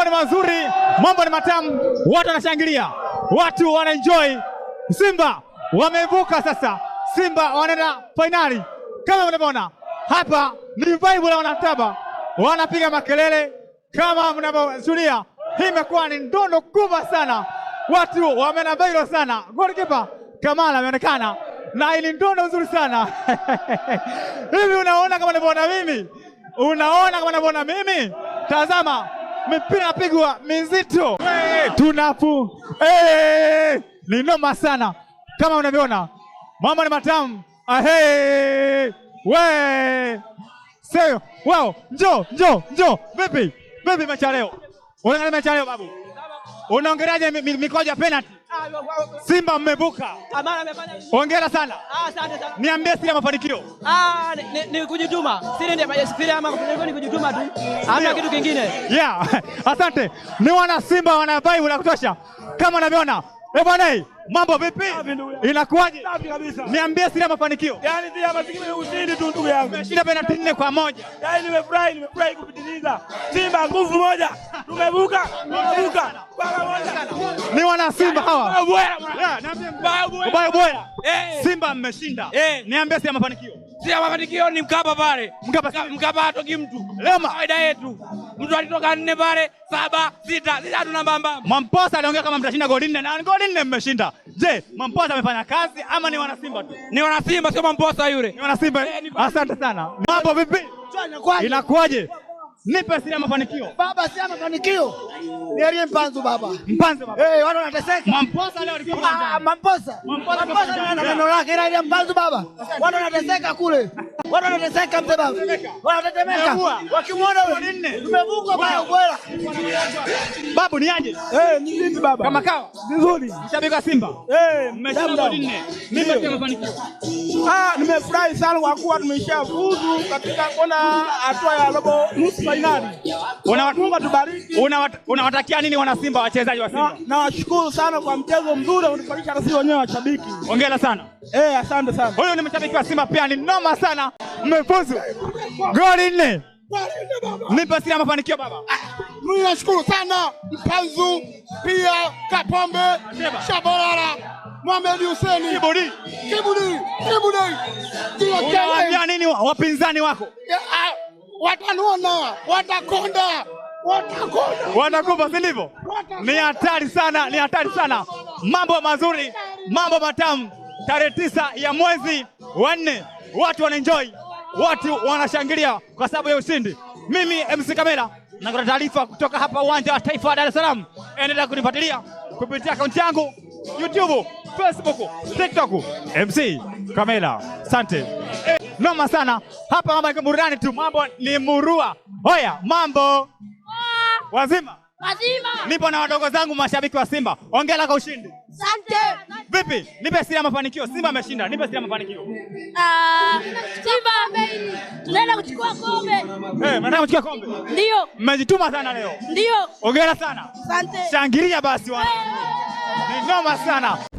mambo ni mazuri, mambo ni matamu, watu wanashangilia, watu wanaenjoy. Simba wamevuka sasa, Simba wanaenda fainali. Kama mnavyoona hapa ni vibe la wanataba, wanapiga makelele kama mnavyoshuhudia. Hii imekuwa ni ndondo kubwa sana, watu wameenda viral sana. gorikipa Kamala ameonekana na ili ndondo nzuri sana hivi unaona kama navyoona mimi, unaona kama navyoona mimi, tazama mipira pigwa mizito hey, tunapu hey, ni noma sana kama unavyoona, mama ni matamu ah, hey, we sio wao, njo njo njo, vipi vipi, mecha leo unaangalia mecha leo babu, unaongeleaje mikoja penalty Simba mmevuka, hongera sana. Ah, asante sana. Niambie siri ya mafanikio. Ah, Ni ni, ni kujituma, Siri siri ndio ama ni kujituma tu, hamna kitu kingine. Yeah, asante. Ni wana Simba wana vibe la kutosha kama unavyoona. Eh, bwana, mambo vipi? Inakuwaje? Safi kabisa. Niambie siri ya mafanikio. Yaani siri ya mafanikio ni ushindi tu ndugu yangu. Nimeshinda penalti nne kwa moja. Yaani nimefurahi, nimefurahi kupitiliza. Simba nguvu moja. Tumevuka, tumevuka. Baba moja. Ni wana Simba hawa. Baba bora. Niambie baba bora. Eh. Simba mmeshinda. Eh. Niambie siri ya mafanikio si mafanikio ni Mkapa pale. Mkapa, Mkapa hatoki mtu leo, kawaida yetu mtu alitoka nne pale saba sita Sisi hatu namba mbamba. Mwamposa aliongea kama mtashinda goli nne na goli nne mmeshinda. Je, Mwamposa amefanya kazi ama ni wana Simba tu? Ni wana Simba sio Mwamposa yule, ni wana Simba. Eh, Asante sana. Mambo vipi, Inakuaje? Nipe siri ya mafanikio. Baba, siri ya mafanikio. Ni Nialie mpanzu baba. Mpanzu baba. Eh, hey, watu wanateseka. Mamposa leo alikuwa uwanjani. Ah, mamposa. Mamposa, mamposa ana neno lake ila ile mpanzu baba. Watu wanateseka kule. Watu wanateseka mzee baba. Wanatetemeka. Wakimuona wewe nne. Tumevuka baya ubora. Babu ni aje? Eh, ni vipi baba? Kama kawa. Vizuri. Mshabiki wa Simba. Eh, mmeshinda goli nne. Mimi ndio mafanikio. Ah, nimefurahi sana kwa kuwa tumeshafuzu katika kona hatua ya robo nusu fainali. Mungu atubariki. Unawatakia nini wana Simba wachezaji wa Simba? Nawashukuru sana kwa mchezo mzuri unaofanisha sisi wenyewe washabiki. Hongera sana. Eh, asante sana. Huyo ni mshabiki wa Simba pia, ni noma sana, mmefuzu goli nne. Nipe siri ya mafanikio baba. Mimi nashukuru sana Mpanzu pia Kapombe Shabalala Mohamed Hussein Kiburi. Kiburi. Kiburi. Unawaambia nini wapinzani wako? watanona, watakonda, watakonda, watakupa, si ndivyo? Ni hatari sana, ni hatari sana. Mambo mazuri, mambo matamu, tarehe tisa ya mwezi wa nne, watu wanaenjoy, watu wanashangilia kwa sababu ya ushindi. Mimi MC Kamera nakota taarifa kutoka hapa uwanja wa taifa wa Dar es Salaam. Endelea kunifuatilia kupitia akaunti yangu YouTube, Facebook, TikTok, MC Kamera. Asante noma sana hapa, mambo ni burudani tu, mambo ni murua. Oya, mambo wazima wazima, nipo na wadogo zangu mashabiki wa Simba, ongela kwa ushindi. Asante. Vipi, nipe siri ya mafanikio. Simba ameshinda, nipe siri ya mafanikio. Ah, Simba ameini, tunaenda kuchukua kombe. Eh, mnaenda kuchukua kombe? Ndio. Mmejituma sana leo. Ndio. Ongera sana. Asante. Shangilia basi wana. Eh, eh, eh, ni noma sana.